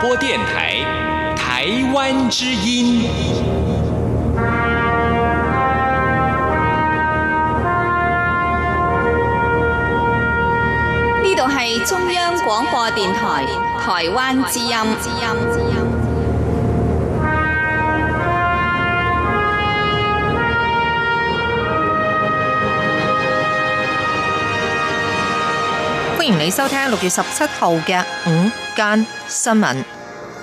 播電台台灣之音，呢度係中央廣播電台台灣之音。歡迎你收聽六月十七號嘅午。嗯間新聞，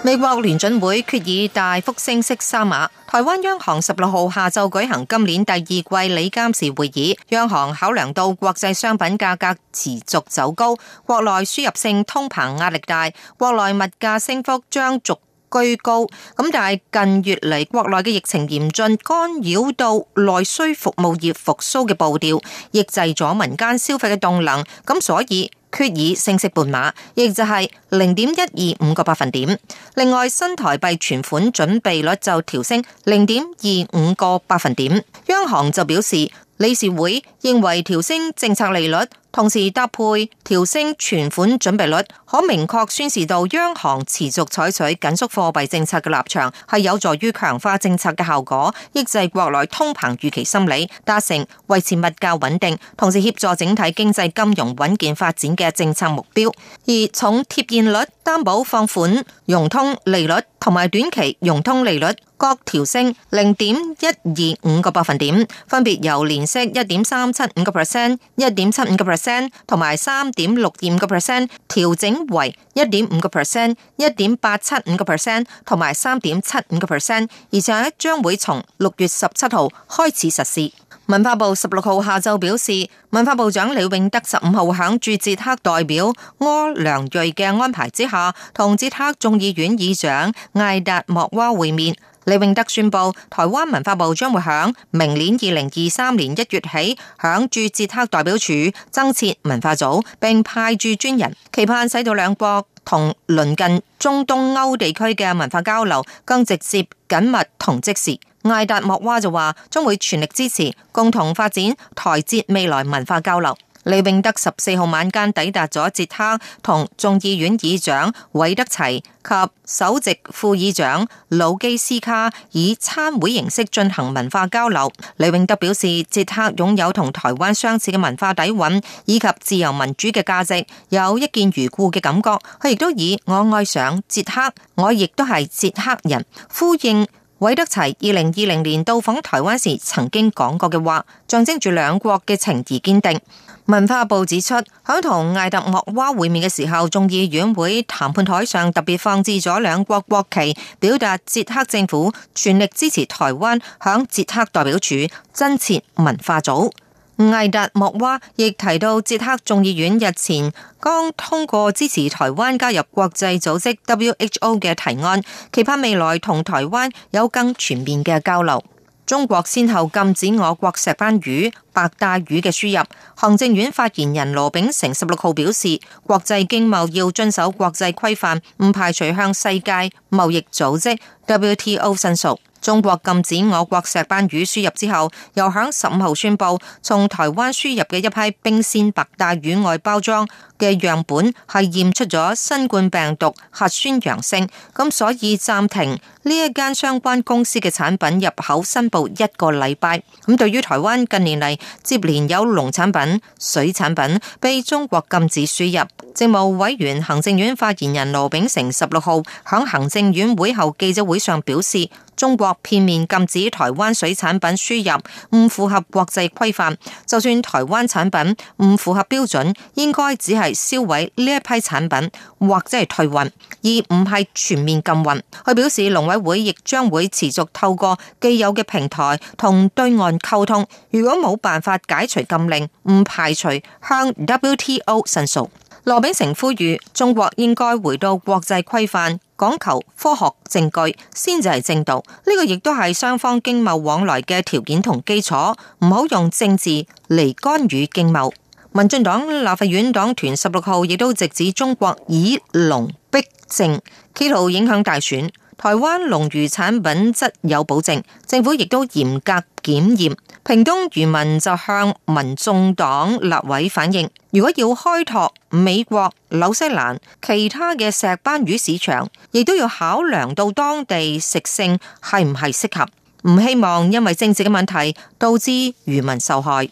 美國聯準會決議大幅升息三碼。台灣央行十六號下晝舉行今年第二季理監事會議，央行考量到國際商品價格持續走高，國內輸入性通膨壓力大，國內物價升幅將續居高。咁但係近月嚟國內嘅疫情嚴峻，干擾到內需服務業復甦嘅步調，抑制咗民間消費嘅動能。咁所以。決議升息半碼，亦就係零點一二五個百分點。另外，新台幣存款準備率就調升零點二五個百分點。央行就表示，理事會認為調升政策利率。同時搭配調升存款準備率，可明確宣示到央行持續採取緊縮貨幣政策嘅立場，係有助於強化政策嘅效果，抑制國內通膨預期心理，達成維持物價穩定，同時協助整體經濟金融穩健發展嘅政策目標。而重貼現率、擔保放款融通利率同埋短期融通利率各調升零點一二五個百分點，分別由年息一點三七五個 percent、一點七五個 percent。同埋三點六二五個 percent 調整為一點五個 percent，一點八七五個 percent 同埋三點七五個 percent，而上一將會從六月十七號開始實施。文化部十六號下晝表示，文化部長李永得十五號響駐捷克代表柯良瑞嘅安排之下，同捷克眾議院議長艾達莫娃會面。李永得宣布，台灣文化部將會響明年二零二三年一月起，響駐捷克代表處增設文化組，並派駐專人，期盼使到兩國同鄰近中東歐地區嘅文化交流更直接、緊密同即時。艾達莫娃就話，將會全力支持共同發展台捷未來文化交流。李永得十四號晚間抵達咗捷克，同眾議院議長韋德齊及首席副議長魯基斯卡以餐會形式進行文化交流。李永得表示，捷克擁有同台灣相似嘅文化底蘊以及自由民主嘅價值，有一見如故嘅感覺。佢亦都以我愛上捷克，我亦都係捷克人呼應。韋德齊二零二零年到訪台灣時曾經講過嘅話，象徵住兩國嘅情誼堅定。文化部指出，響同艾特莫娃會面嘅時候，眾議院會談判台上特別放置咗兩國國旗，表達捷克政府全力支持台灣響捷克代表處增設文化組。艾達莫娃亦提到，捷克眾議院日前剛通過支持台灣加入國際組織 WHO 嘅提案，期盼未來同台灣有更全面嘅交流。中國先後禁止我國石斑魚、白帶魚嘅輸入。行政院發言人羅秉成十六號表示，國際經貿要遵守國際規範，唔排除向世界貿易組織 WTO 申訴。中國禁止我國石斑魚輸入之後，又喺十五號宣布從台灣輸入嘅一批冰鮮白帶魚外包裝嘅樣本係驗出咗新冠病毒核酸陽性，咁所以暫停呢一間相關公司嘅產品入口申報一個禮拜。咁對於台灣近年嚟接連有農產品、水產品被中國禁止輸入，政務委員、行政院發言人羅秉成十六號響行政院會後記者會上表示，中國片面禁止台灣水產品輸入，唔符合國際規範。就算台灣產品唔符合標準，應該只係。銷毀呢一批產品或者係退運，而唔係全面禁運。佢表示，農委會亦將會持續透過既有嘅平台同對岸溝通。如果冇辦法解除禁令，唔排除向 WTO 申訴。羅秉成呼籲中國應該回到國際規範，講求科學證據先至係正道。呢、這個亦都係雙方經貿往來嘅條件同基礎，唔好用政治嚟干預經貿。民進黨立法院黨團十六號亦都直指中國以農逼政，企圖影響大選。台灣農漁產品質有保證，政府亦都嚴格檢驗。屏東漁民就向民眾黨立委反映，如果要開拓美國、紐西蘭其他嘅石斑魚市場，亦都要考量到當地食性係唔係適合，唔希望因為政治嘅問題導致漁民受害。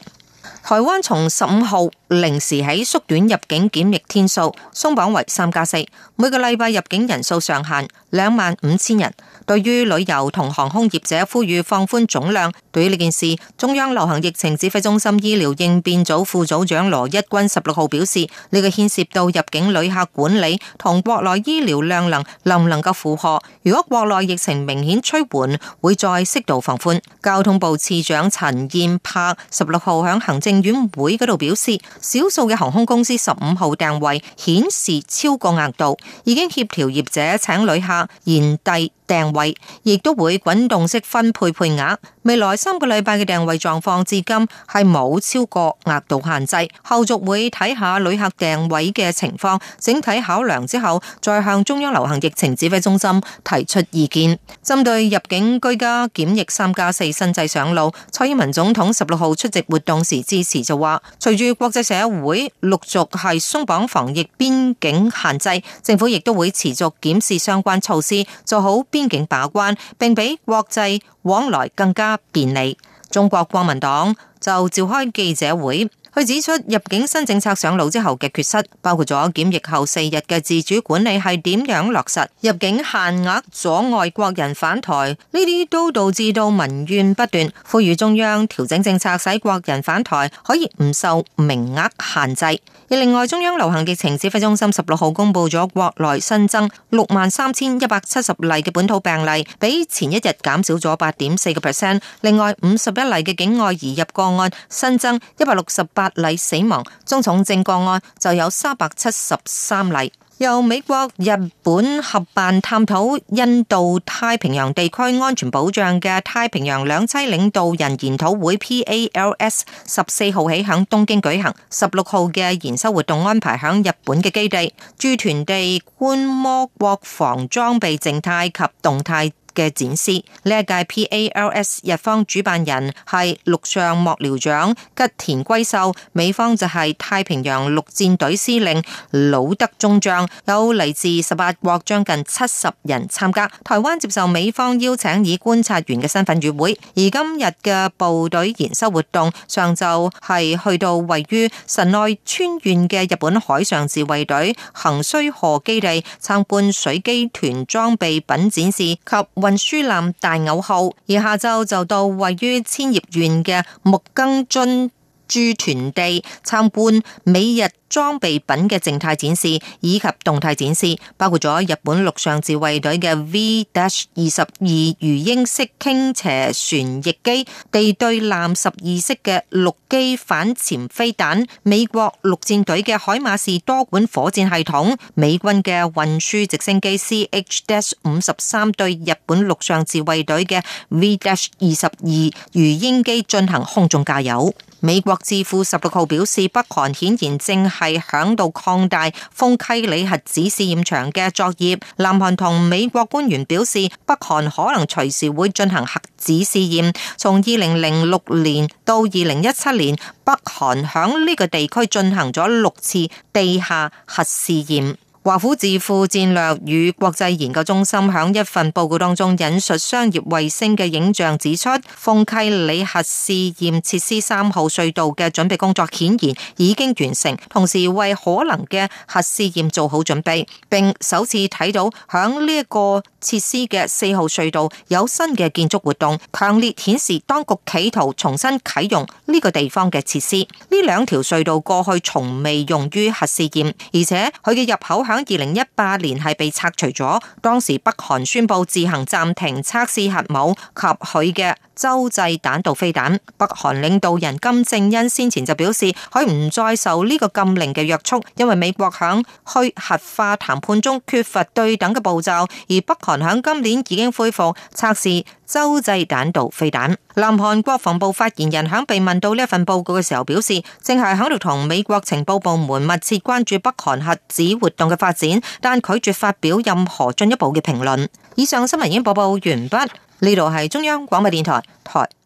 台灣從十五號零時起縮短入境檢疫天數，鬆綁為三加四，每個禮拜入境人數上限兩萬五千人。對於旅遊同航空業者呼籲放寬總量，對於呢件事，中央流行疫情指揮中心醫療應變組副組長羅一軍十六號表示：呢、這個牽涉到入境旅客管理同國內醫療量能能唔能夠負荷？如果國內疫情明顯趨緩，會再適度放寬。交通部次長陳彥柏十六號喺行政院會嗰度表示，少數嘅航空公司十五號訂位顯示超過額度，已經協調業者請旅客延遞。訂位亦都會滾動式分配配額。未來三個禮拜嘅訂位狀況至今係冇超過額度限制。後續會睇下旅客訂位嘅情況，整體考量，之後再向中央流行疫情指揮中心提出意見。針對入境居家檢疫三加四新制上路，蔡英文總統十六號出席活動時致辭就話：隨住國際社會陸續係鬆綁防疫邊境限制，政府亦都會持續檢視相關措施，做好邊。邊境把關，並比國際往來更加便利。中國國民黨就召開記者會。佢指出入境新政策上路之後嘅缺失，包括咗檢疫後四日嘅自主管理係點樣落實、入境限額阻礙國人返台呢啲，都導致到民怨不斷，呼籲中央調整政策，使國人返台可以唔受名額限制。而另外，中央流行疫情指揮中心十六號公佈咗國內新增六萬三千一百七十例嘅本土病例，比前一日減少咗八點四個 percent。另外，五十一例嘅境外移入個案新增一百六十八八例死亡，中重症個案就有三百七十三例。由美國、日本合辦，探討印度太平洋地區安全保障嘅太平洋兩棲領導人研討會 （PALS） 十四號起響東京舉行，十六號嘅研修活動安排響日本嘅基地，駐屯地觀摩國防裝備靜態及動態。嘅展示。呢一屆 PALS 日方主辦人係陸上幕僚長吉田圭秀，美方就係太平洋陸戰隊司令魯德中將，有嚟自十八國將近七十人參加。台灣接受美方邀請以觀察員嘅身份與會。而今日嘅部隊研修活動，上晝係去到位於神奈川縣嘅日本海上自衛隊橫須賀基地參觀水機團裝備品展示及運輸艦大牛號，而下晝就到位於千葉縣嘅木更津駐團地參觀美日裝備品嘅靜態展示以及動態展示，包括咗日本陸上自衛隊嘅 V-Dash 二十二魚鷹式傾斜旋翼機、地對艦十二式嘅陸基反潛飛彈、美國陸戰隊嘅海馬士多管火箭系統、美軍嘅運輸直升機 C-H Dash 五十三對日本陸上自衛隊嘅 V-Dash 二十二魚鷹機進行空中加油。美國智庫十六號表示，北韓顯然正係響度擴大豐溪里核子試驗場嘅作業。南韓同美國官員表示，北韓可能隨時會進行核子試驗。從二零零六年到二零一七年，北韓響呢個地區進行咗六次地下核試驗。華府智庫戰略與國際研究中心響一份報告當中引述商業衛星嘅影像指出，豐溪里核試驗設施三號隧道嘅準備工作顯然已經完成，同時為可能嘅核試驗做好準備，並首次睇到響呢一個設施嘅四號隧道有新嘅建築活動，強烈顯示當局企圖重新啟用呢個地方嘅設施。呢兩條隧道過去從未用於核試驗，而且佢嘅入口喺二零一八年係被拆除咗。當時北韓宣布自行暫停測試核武及佢嘅洲際彈道飛彈。北韓領導人金正恩先前就表示，佢唔再受呢個禁令嘅約束，因為美國響去核化談判中缺乏對等嘅步驟，而北韓響今年已經恢復測試。洲際彈道飛彈。南韓國防部發言人喺被問到呢一份報告嘅時候，表示正係喺度同美國情報部門密切關注北韓核子活動嘅發展，但拒絕發表任何進一步嘅評論。以上新聞已經播報完畢，呢度係中央廣播電台台。